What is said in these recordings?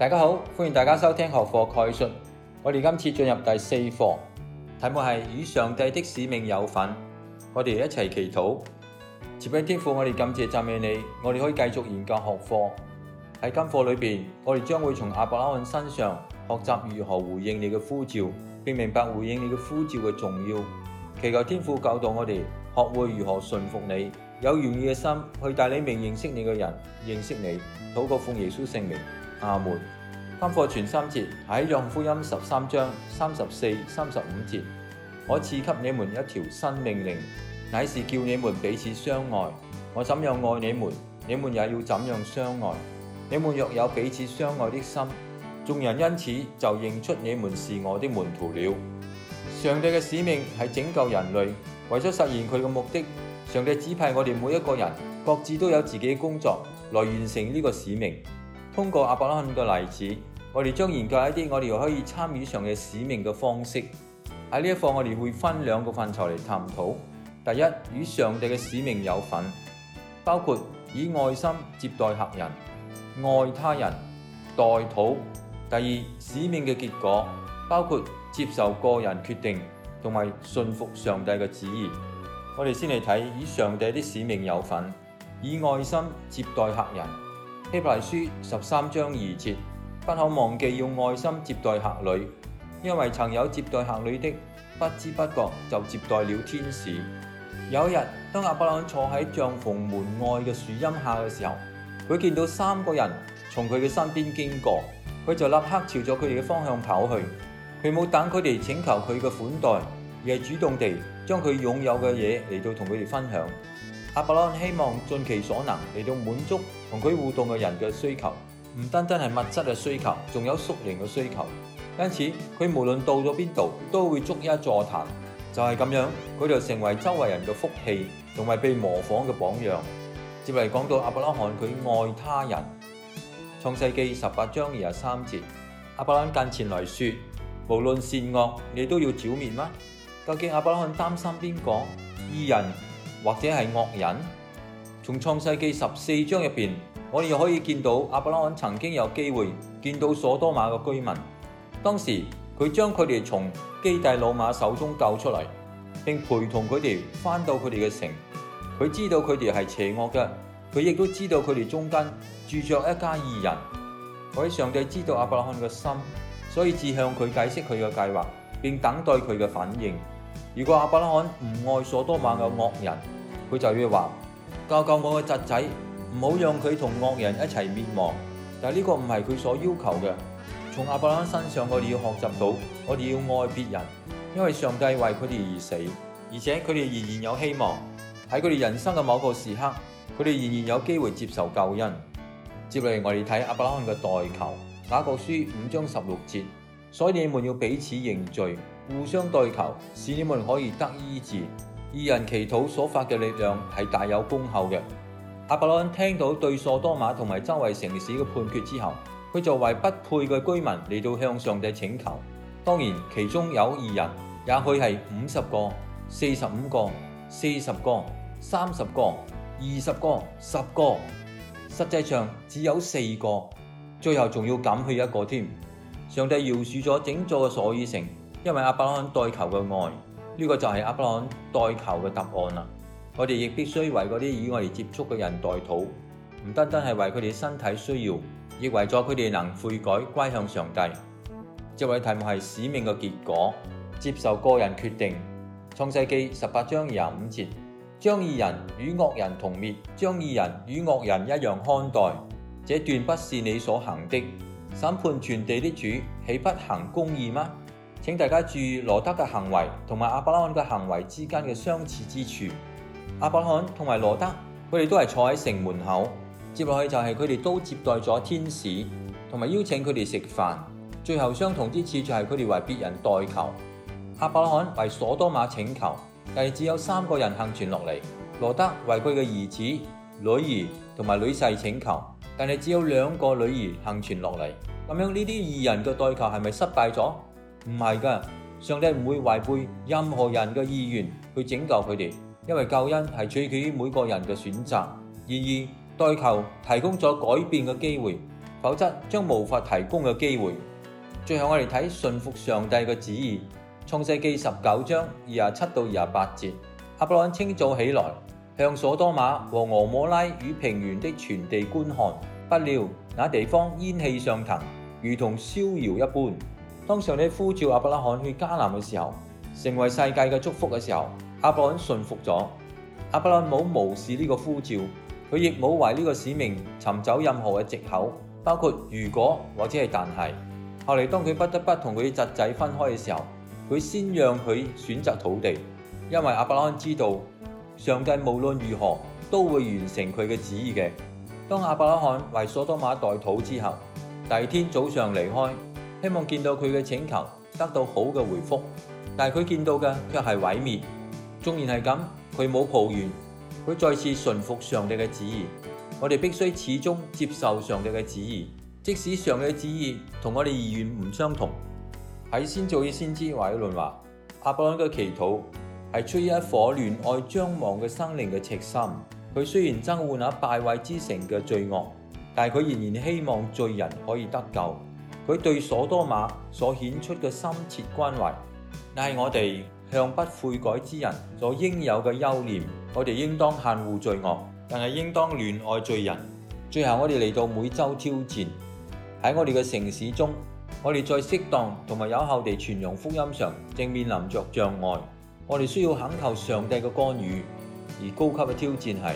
大家好，歡迎大家收聽學課概述。我哋今次進入第四課，題目係與上帝的使命有份。我哋一齊祈禱，接應天父。我哋感謝讚美你，我哋可以繼續研究學課。喺今課裏邊，我哋將會從亞伯拉罕身上學習如何回應你嘅呼召，並明白回應你嘅呼召嘅重要。祈求天父教導我哋學會如何順服你，有願意嘅心去帶你未認識你嘅人認識你，禱告奉耶穌聖名。阿門。今課全三節喺《約翰福音》十三章三十四、三十五節，我賜給你們一條新命令，乃是叫你們彼此相愛。我怎樣愛你們，你們也要怎樣相愛。你們若有彼此相愛的心，眾人因此就認出你們是我的門徒了。上帝嘅使命係拯救人類，為咗實現佢嘅目的，上帝指派我哋每一個人，各自都有自己嘅工作，來完成呢個使命。通過阿伯拉罕個例子，我哋將研究一啲我哋可以參與上嘅使命嘅方式。喺呢一課，我哋會分兩個範疇嚟探討。第一，與上帝嘅使命有份，包括以愛心接待客人、愛他人、代禱。第二，使命嘅結果，包括接受個人決定同埋順服上帝嘅旨意。我哋先嚟睇與上帝啲使命有份，以愛心接待客人。希伯來書十三章二節，不可忘記用愛心接待客旅，因為曾有接待客旅的，不知不覺就接待了天使。有一日，當阿伯朗坐喺帳篷門外嘅樹蔭下嘅時候，佢見到三個人從佢嘅身邊經過，佢就立刻朝咗佢哋嘅方向跑去。佢冇等佢哋請求佢嘅款待，而係主動地將佢擁有嘅嘢，嚟到同佢哋分享。阿伯拉罕希望盡其所能嚟到滿足同佢互動嘅人嘅需求，唔單單係物質嘅需求，仲有屬靈嘅需求。因此佢無論到咗邊度，都會捉一座壇，就係噉樣，佢就成為周圍人嘅福氣，同埋被模仿嘅榜樣。接嚟講到阿伯拉罕，佢愛他人，《創世紀》十八章二十三節，阿伯拉罕近前來說：無論善惡，你都要剿滅嗎？究竟阿伯拉罕擔心邊個？義人。或者係惡人。從創世記十四章入面，我哋可以見到亞伯拉罕曾經有機會見到所多瑪嘅居民。當時佢將佢哋從基大老瑪手中救出嚟，並陪同佢哋翻到佢哋嘅城。佢知道佢哋係邪惡嘅，佢亦都知道佢哋中間住着一家義人。佢喺上帝知道亞伯拉罕嘅心，所以至向佢解釋佢嘅計劃，並等待佢嘅反應。如果亞伯拉罕唔愛所多瑪嘅惡人，佢就要話救救我嘅侄仔，唔好讓佢同惡人一齊滅亡。但係呢個唔係佢所要求嘅。從亞伯拉罕身上，我哋要學習到我哋要愛別人，因為上帝為佢哋而死，而且佢哋仍然有希望，喺佢哋人生嘅某個時刻，佢哋仍然有機會接受救恩。接嚟我哋睇亞伯拉罕嘅代求，雅各書五章十六節。所以你們要彼此認罪，互相代求，使你們可以得醫治。二人祈禱所發嘅力量係大有功效嘅。阿伯拉罕聽到對索多瑪同埋周圍城市嘅判決之後，佢作為不配嘅居民嚟到向上帝請求。當然，其中有二人，也許係五十個、四十五個、四十個、三十個、二十個、十個，實際上只有四個，最後仲要減去一個添。上帝饒恕咗整座嘅所伊城，因為亞伯拉罕代求嘅愛，呢、這個就係亞伯拉罕代求嘅答案啦。我哋亦必須為嗰啲與我哋接觸嘅人代禱，唔單單係為佢哋身體需要，亦為咗佢哋能悔改、歸向上帝。呢個題目係使命嘅結果，接受個人決定。創世記十八章廿五節：將義人與惡人同滅，將義人與惡人一樣看待。這斷不是你所行的。審判全地的主，豈不行公義嗎？請大家注意羅德嘅行為同埋阿伯拉罕嘅行為之間嘅相似之處。阿伯拉罕同埋羅德，佢哋都係坐喺城門口，接落去就係佢哋都接待咗天使，同埋邀請佢哋食飯。最後相同之處就係佢哋為別人代求。阿伯拉罕為索多瑪請求，但係只有三個人幸存落嚟。羅德為佢嘅兒子、女兒同埋女婿請求。但係只有兩個女兒幸存落嚟，咁樣呢啲二人嘅代求係咪失敗咗？唔係噶，上帝唔會違背任何人嘅意願去拯救佢哋，因為救恩係取決於每個人嘅選擇。然而代求提供咗改變嘅機會，否則將無法提供嘅機會。最後我哋睇順服上帝嘅旨意，創世記十九章二十七到二十八節，亞伯拉罕清早起來。.向所多瑪和俄摩拉與平原的全地觀看，不料那地方煙氣上騰，如同燒窯一般。當上帝呼召亞伯拉罕去迦南嘅時候，成為世界嘅祝福嘅時候，亞伯拉罕順服咗。亞伯拉罕冇無視呢個呼召，佢亦冇為呢個使命尋找任何嘅藉口，包括如果或者係但係。後嚟當佢不得不同佢侄仔分開嘅時候，佢先讓佢選擇土地，因為亞伯拉罕知道。上帝無論如何都會完成佢嘅旨意嘅。當阿伯拉罕為所多瑪代禱之後，第二天早上離開，希望見到佢嘅請求得到好嘅回覆但係佢見到嘅卻係毀滅。縱然係咁，佢冇抱怨，佢再次順服上帝嘅旨意。我哋必須始終接受上帝嘅旨意，即使上帝嘅旨意同我哋意願唔相同。喺先祖與先知懷愛倫話：阿伯拉罕嘅祈禱。是出於一顆憐愛將亡嘅生靈嘅赤心。佢雖然憎惡那敗壞之城嘅罪惡，但他佢仍然希望罪人可以得救。佢對所多瑪所顯出嘅深切關懷，但係我哋向不悔改之人所應有嘅優憐。我哋應當限護罪惡，但係應當憐愛罪人。最後，我哋嚟到每週挑戰。喺我哋嘅城市中，我哋在適當同埋有效地傳揚福音上正面臨着障礙。我哋需要懇求上帝嘅干預，而高級嘅挑戰係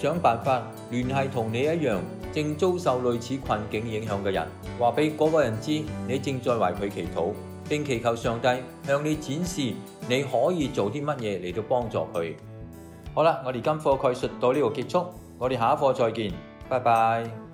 想辦法聯繫同你一樣正遭受類似困境影響嘅人，話俾嗰個人知你正在為佢祈禱，並祈求上帝向你展示你可以做啲乜嘢嚟到幫助佢。好啦，我哋今課概述到呢度結束，我哋下一課再見，拜拜。